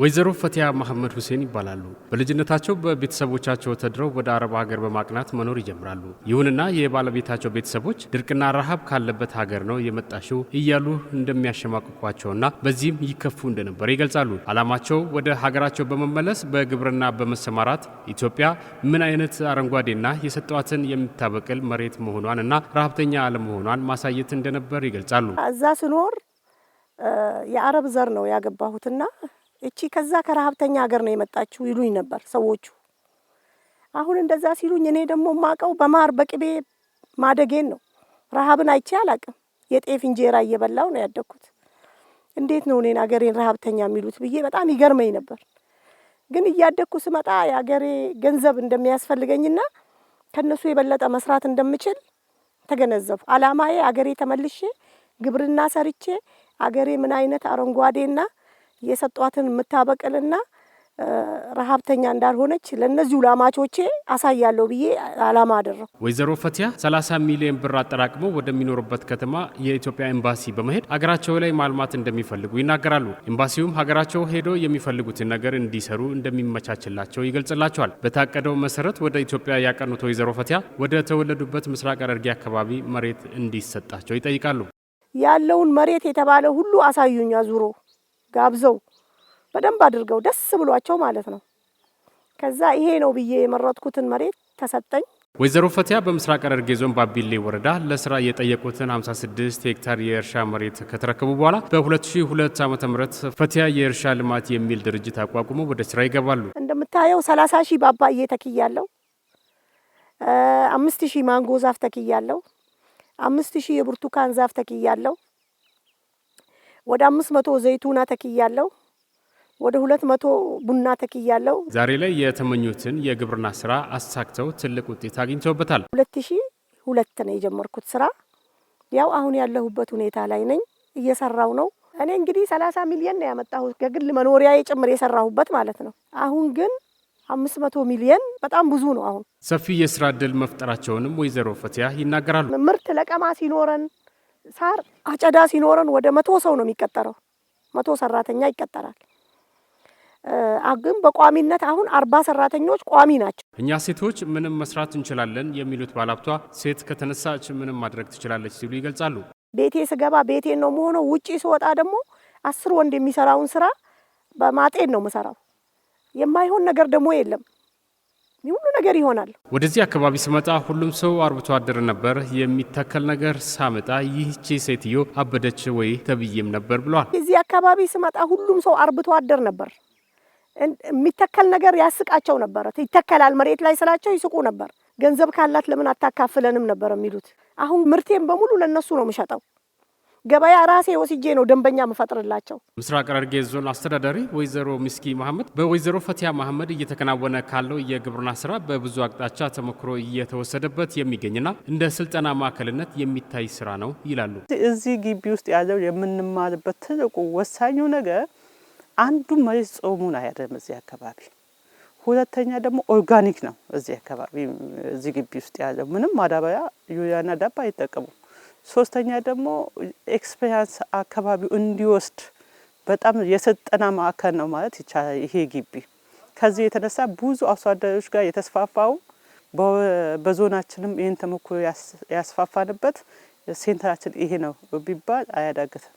ወይዘሮ ፈቲያ መሐመድ ሁሴን ይባላሉ። በልጅነታቸው በቤተሰቦቻቸው ተድረው ወደ አረብ ሀገር በማቅናት መኖር ይጀምራሉ። ይሁንና የባለቤታቸው ቤተሰቦች ድርቅና ረሃብ ካለበት ሀገር ነው የመጣሽው እያሉ እንደሚያሸማቅቋቸውና በዚህም ይከፉ እንደነበር ይገልጻሉ። ዓላማቸው ወደ ሀገራቸው በመመለስ በግብርና በመሰማራት ኢትዮጵያ ምን አይነት አረንጓዴና የሰጠዋትን የምታበቅል መሬት መሆኗን እና ረሀብተኛ አለመሆኗን ማሳየት እንደነበር ይገልጻሉ። እዛ ስኖር የአረብ ዘር ነው ያገባሁትና እቺ ከዛ ከረሀብተኛ ሀገር ነው የመጣችው ይሉኝ ነበር ሰዎቹ። አሁን እንደዛ ሲሉኝ እኔ ደግሞ ማቀው በማር በቅቤ ማደጌን ነው። ረሀብን አይቼ አላቅም። የጤፍ እንጀራ እየበላው ነው ያደግኩት። እንዴት ነው እኔን አገሬን ረሀብተኛ የሚሉት ብዬ በጣም ይገርመኝ ነበር። ግን እያደግኩ ስመጣ የአገሬ ገንዘብ እንደሚያስፈልገኝና ከእነሱ የበለጠ መስራት እንደምችል ተገነዘብኩ። አላማዬ አገሬ ተመልሼ ግብርና ሰርቼ አገሬ ምን አይነት አረንጓዴና የሰጧትን የምታበቅልና ረሀብተኛ እንዳልሆነች ለእነዚሁ ላማቾቼ አሳያለሁ ብዬ አላማ አደረው። ወይዘሮ ፈቲያ 30 ሚሊዮን ብር አጠራቅሞ ወደሚኖሩበት ከተማ የኢትዮጵያ ኤምባሲ በመሄድ ሀገራቸው ላይ ማልማት እንደሚፈልጉ ይናገራሉ። ኤምባሲውም ሀገራቸው ሄዶ የሚፈልጉትን ነገር እንዲሰሩ እንደሚመቻችላቸው ይገልጽላቸዋል። በታቀደው መሰረት ወደ ኢትዮጵያ ያቀኑት ወይዘሮ ፈቲያ ወደ ተወለዱበት ምስራቅ ሐረርጌ አካባቢ መሬት እንዲሰጣቸው ይጠይቃሉ። ያለውን መሬት የተባለ ሁሉ አሳዩኛ ዙሮ ጋብዘው በደንብ አድርገው ደስ ብሏቸው ማለት ነው። ከዛ ይሄ ነው ብዬ የመረጥኩትን መሬት ተሰጠኝ። ወይዘሮ ፈትያ በምስራቅ ሐረርጌ ዞን ባቢሌ ወረዳ ለስራ የጠየቁትን 56 ሄክታር የእርሻ መሬት ከተረከቡ በኋላ በ2002 ዓ ም ፈትያ የእርሻ ልማት የሚል ድርጅት አቋቁሞ ወደ ስራ ይገባሉ። እንደምታየው 30 ሺህ ባባዬ ተክያለሁ። አምስት ሺህ ማንጎ ዛፍ ተክያለሁ። አምስት ሺህ የብርቱካን ዛፍ ተክያለሁ። ወደ አምስት መቶ ዘይቱና ተክያለው። ወደ ሁለት መቶ ቡና ተክያለው። ዛሬ ላይ የተመኙትን የግብርና ስራ አሳክተው ትልቅ ውጤት አግኝተውበታል። ሁለት ሺ ሁለት ነው የጀመርኩት ስራ። ያው አሁን ያለሁበት ሁኔታ ላይ ነኝ፣ እየሰራው ነው። እኔ እንግዲህ ሰላሳ ሚሊየን ነው ያመጣሁት ከግል መኖሪያ ጭምር የሰራሁበት ማለት ነው። አሁን ግን አምስት መቶ ሚሊየን በጣም ብዙ ነው። አሁን ሰፊ የስራ እድል መፍጠራቸውንም ወይዘሮ ፈትያ ይናገራሉ። ምርት ለቀማ ሲኖረን ሳር አጨዳ ሲኖረን ወደ መቶ ሰው ነው የሚቀጠረው። መቶ ሰራተኛ ይቀጠራል። ግን በቋሚነት አሁን አርባ ሰራተኞች ቋሚ ናቸው። እኛ ሴቶች ምንም መስራት እንችላለን የሚሉት ባለሀብቷ ሴት ከተነሳች ምንም ማድረግ ትችላለች ሲሉ ይገልጻሉ። ቤቴ ስገባ ቤቴን ነው መሆነው። ውጪ ስወጣ ደግሞ አስር ወንድ የሚሰራውን ስራ በማጤን ነው ምሰራው። የማይሆን ነገር ደግሞ የለም። ሁሉ ነገር ይሆናል። ወደዚህ አካባቢ ስመጣ ሁሉም ሰው አርብቶ አደር ነበር። የሚተከል ነገር ሳመጣ ይህቺ ሴትዮ አበደች ወይ ተብዬም ነበር ብለዋል። እዚህ አካባቢ ስመጣ ሁሉም ሰው አርብቶ አደር ነበር። የሚተከል ነገር ያስቃቸው ነበረ። ይተከላል መሬት ላይ ስላቸው ይስቁ ነበር። ገንዘብ ካላት ለምን አታካፍለንም ነበር የሚሉት። አሁን ምርቴም በሙሉ ለእነሱ ነው የምሸጠው። ገበያ ራሴ ወስጄ ነው ደንበኛ መፈጥርላቸው። ምስራቅ ሐረርጌ ዞን አስተዳዳሪ ወይዘሮ ሚስኪ መሐመድ በወይዘሮ ፈቲያ መሐመድ እየተከናወነ ካለው የግብርና ስራ በብዙ አቅጣጫ ተሞክሮ እየተወሰደበት የሚገኝና እንደ ስልጠና ማዕከልነት የሚታይ ስራ ነው ይላሉ። እዚህ ግቢ ውስጥ ያለው የምንማርበት ትልቁ ወሳኙ ነገር አንዱ መሬት ጾሙን አያደም እዚህ አካባቢ፣ ሁለተኛ ደግሞ ኦርጋኒክ ነው። እዚህ አካባቢ እዚህ ግቢ ውስጥ ያለው ምንም ማዳበሪያ ዩሪያና ዳባ አይጠቀሙም። ሶስተኛ ደግሞ ኤክስፔሪንስ አካባቢው እንዲወስድ በጣም የስልጠና ማዕከል ነው ማለት ይቻላል ይሄ ግቢ። ከዚህ የተነሳ ብዙ አርሶ አደሮች ጋር የተስፋፋው በዞናችንም ይህን ተሞክሮ ያስፋፋንበት ሴንተራችን ይሄ ነው ቢባል አያዳግትም።